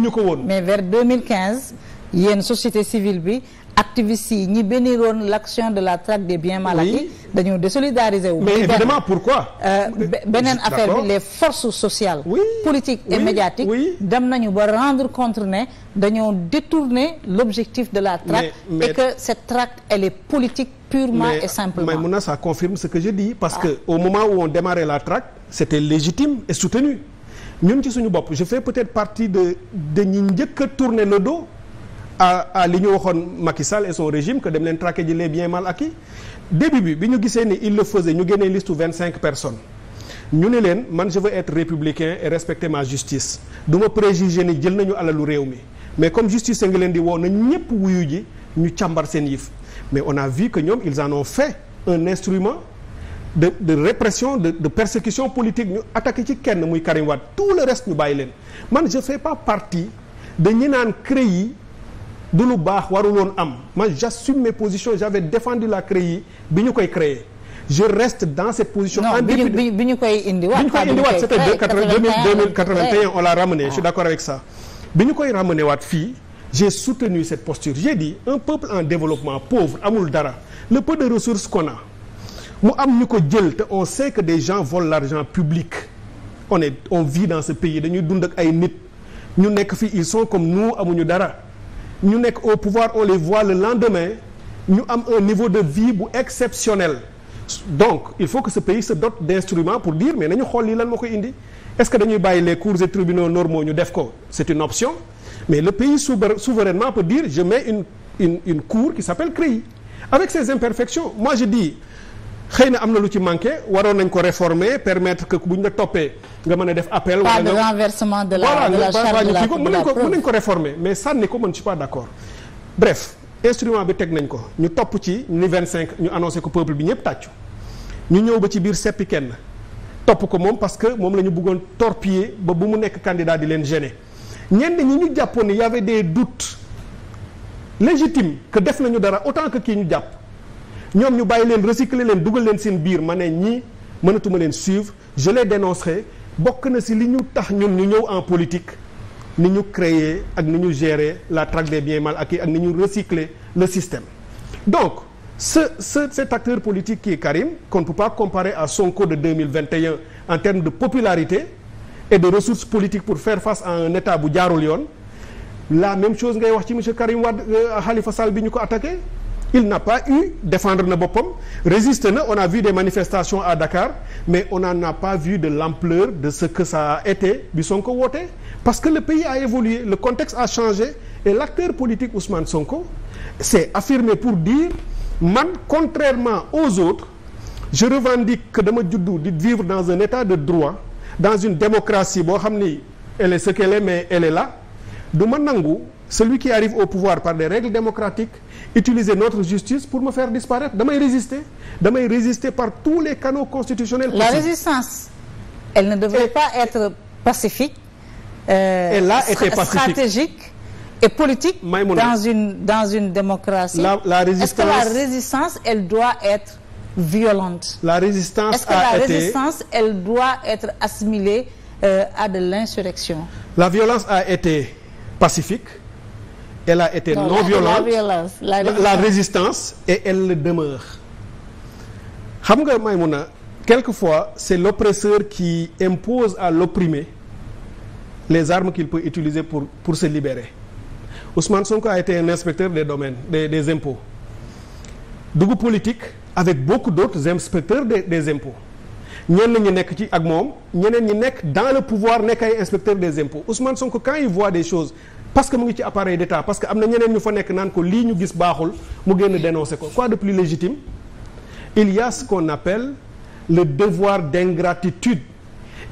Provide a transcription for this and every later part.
mënuñu ko woon. mais vers 2015 yéen société civile bi activistes yi ñi béniroon l' action de la traque des biens mal acquis oui. dañoo désolidariser wu. mais évidemment pourquoi. Euh, beneen affaire les forces sociales. Oui. politiques oui. et médiatiques. dem nañu ba rendre compte ne dañoo détourner l' objectif de la traque. Mais, mais, que cette traque elle est politique purement mais, et simplement. mais Maïmouna ça confirme ce que je dis. parce ah. que au moment où on démarrait la traque. c' légitime et soutenu. ñun ci suñu bopp je fais peut-être partie de de ñi njëkk a tourner le dos à à li ñu waxoon Macky Sall et son régime que dem leen traquer ji lee biens mal acquis début bi bi ñu gisee ni il le faisait ñu génnee liste vingt cinq personnes ñu ne leen man je veux être républicain et respecter ma justice du ma préjugé ni jël nañu alalu réew mi mais comme justice ngi leen di woo na ñëpp wuyu ji ñu càmbar seen yëf mais on a vu que ñoom ils en ont fait un instrument de de répression de de persécution politique ñu attaqué ci kenn muy Karim Wade tout le reste ñu bàyyi leen man je fais pas partie de ñi naan CREI du lu baax warul woon am man j'assume mes positions j'avais défendu la CREI bi ñu koy créer je reste dans cette position. en dépit bi bi on l'a ramené suis ah. d'accord avec ça. bi ñu koy ramené waat fii j'ai soutenu cette posture j'ai dit un peuple en développement pauvre amul dara le peu de ressources qu'on a mu am ñu ko jël te on sait que des gens volent l'argent public on est on vit dans ce pays dañuy dund ak ay nit ñu nekk fii ils sont comme nous amuñu dara ñu nekk au pouvoir on les voit le lendemain ñu am un niveau de vie bu exceptionnel donc il faut que ce pays se dote d'instruments pour dire mais nañu xool lii lan moo koy indi est-ce que dañuy bàyyi les cours et tribunaux normaux ñu def ko c'est une option mais le pays souverainement peut dire je mets une une une cour qui s'appelle CREI avec ses xëy na am na lu ci manqué waroon nañ ko réformer permettre que bu ñu la toppee nga mën a def appel. wala nga pas de la voilà, de la charge mën nañ ko mën nañ ko réformer mais sànni ko man je suis pas d' accord. bref instrument bi teg nañ ko ñu topp ci ni 25 ñu annoncé ko peuple bi ñëpp tàccu ñu ñëw ba ci biir seppi kenn topp ko moom parce que moom la ñu bëggoon torpiller ba bu mu nekk candidat di leen gêner ñenn ñi ñu jàppoon ne y' avait des doutes légitimes que def nañu dara autant que kii ñu jàpp. ñoom ñu bàyyi leen recycler leen dugal leen seen biir ma ne ñii mënatuma leen suivre je les dénoncerai bokk na si li ñu tax ñun ñu ñëw en politique ni ñu créer ak ni ñu gérer la traque des biens mal acquis ak ni ñu recycler le système donc ce ce cet acteur politique qui est Karim qu'on ne peut pas comparer à Sonko de en termes de popularité et de ressources politique pour faire face à un bu jaarul yoon la même chose ngay wax ci monsieur Karim Wade euh, Khalifa Sall bi ñu ko attaqué il n'a pas eu défendre na boppam résister na on a vu des manifestations à Dakar mais on n'en a pas vu de l'ampleur de ce que ça a été bi Sonko wootee parce que le pays a évolué le contexte a changé et l'acteur politique Ousmane Sonko s'est affirmé pour dire man contrairement aux autres je revendique que dama juddu di vivre dans un état de droit dans une démocratie boo xam ni elle est ce qu'elle est mais elle est là du ma nangu celui qui arrive au pouvoir par des règles démocratiques utiliser notre justice pour me faire disparaître damay résister damay résister par tous les canaux constitutionnels la possible. résistance elle ne devrait et, pas être pacifique euh, elle a été pacifique stratégique et politique Maïmouna, dans une dans une démocratie la, la résistance est-ce que la résistance elle doit être violente la résistance est-ce que a la été... résistance elle doit être assimilée euh, à de l'insurrection la violence a été pacifique elle a été non, non violente la, violence, la, la, la résistance et elle le demeure xam nga Maïmouna quelquefois c'est l'oppresseur qui impose à l'opprimé les armes qu'il peut utiliser pour pour se libérer Ousmane Sonko a été un inspecteur des domaines des des impôts dugg politique avec beaucoup d'autres inspecteurs des des impôts ñenn ñi nekk ci ak moom ñeneen ñi nekk dans le pouvoir nekk ay inspecteurs des impôts Ousmane Sonko quand il voit des choses parce que mu ngi ci appareil d'État parce que am na ñeneen ñu fa nekk naan ko lii ñu gis baaxul mu génn dénoncer ko quoi de plus légitime il y a ce qu'on appelle le devoir d'ingratitude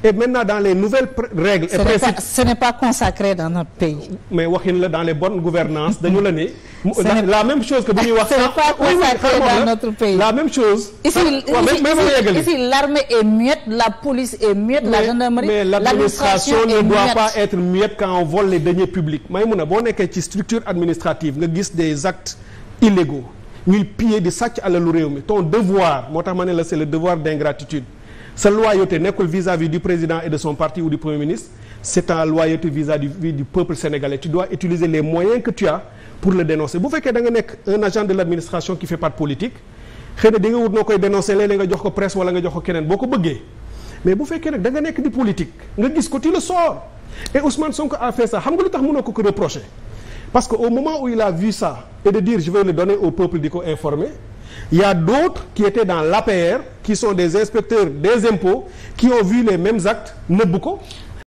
et maintenant dans les nouvelles règles et principes ce n'est pas consacré dans notre pays mais waxin la dans les bonnes gouvernances dañu la ne la même chose que bu ñuy wax ce n'est pas consacré dans notre pays la même chose ici ici l'armée est muette la police est muette la gendarmerie mais l'administration ne doit pas être muette quand on vole les deniers publics may mun a boo nekkee ci structure administrative nga gis des actes illégaux ñuy piller di sàcc lu réew mi ton moo tax ma ne la c'est le sa loyauté nekkul vis-à-vis du président et de son parti ou du premier ministre c'est ta loyauté vis à du peuple sénégalais tu dois utiliser les moyens que tu pour le dénoncer bu fekkee da nga nekk un agent de l'administration qui fait part politique xëy na di nga wut noo koy dénoncer léeg-léeg nga jox ko presse wala nga jox ko keneen boo ko bëggee mais bu fekkee nag da nekk di politique nga gis ko tu le sors et Ousmane Sonko a fait ça xam nga lu a vu ça et de Il y a d'autres qui étaient dans l'APR, qui sont des inspecteurs des impôts, qui ont vu les mêmes actes, nëbb ko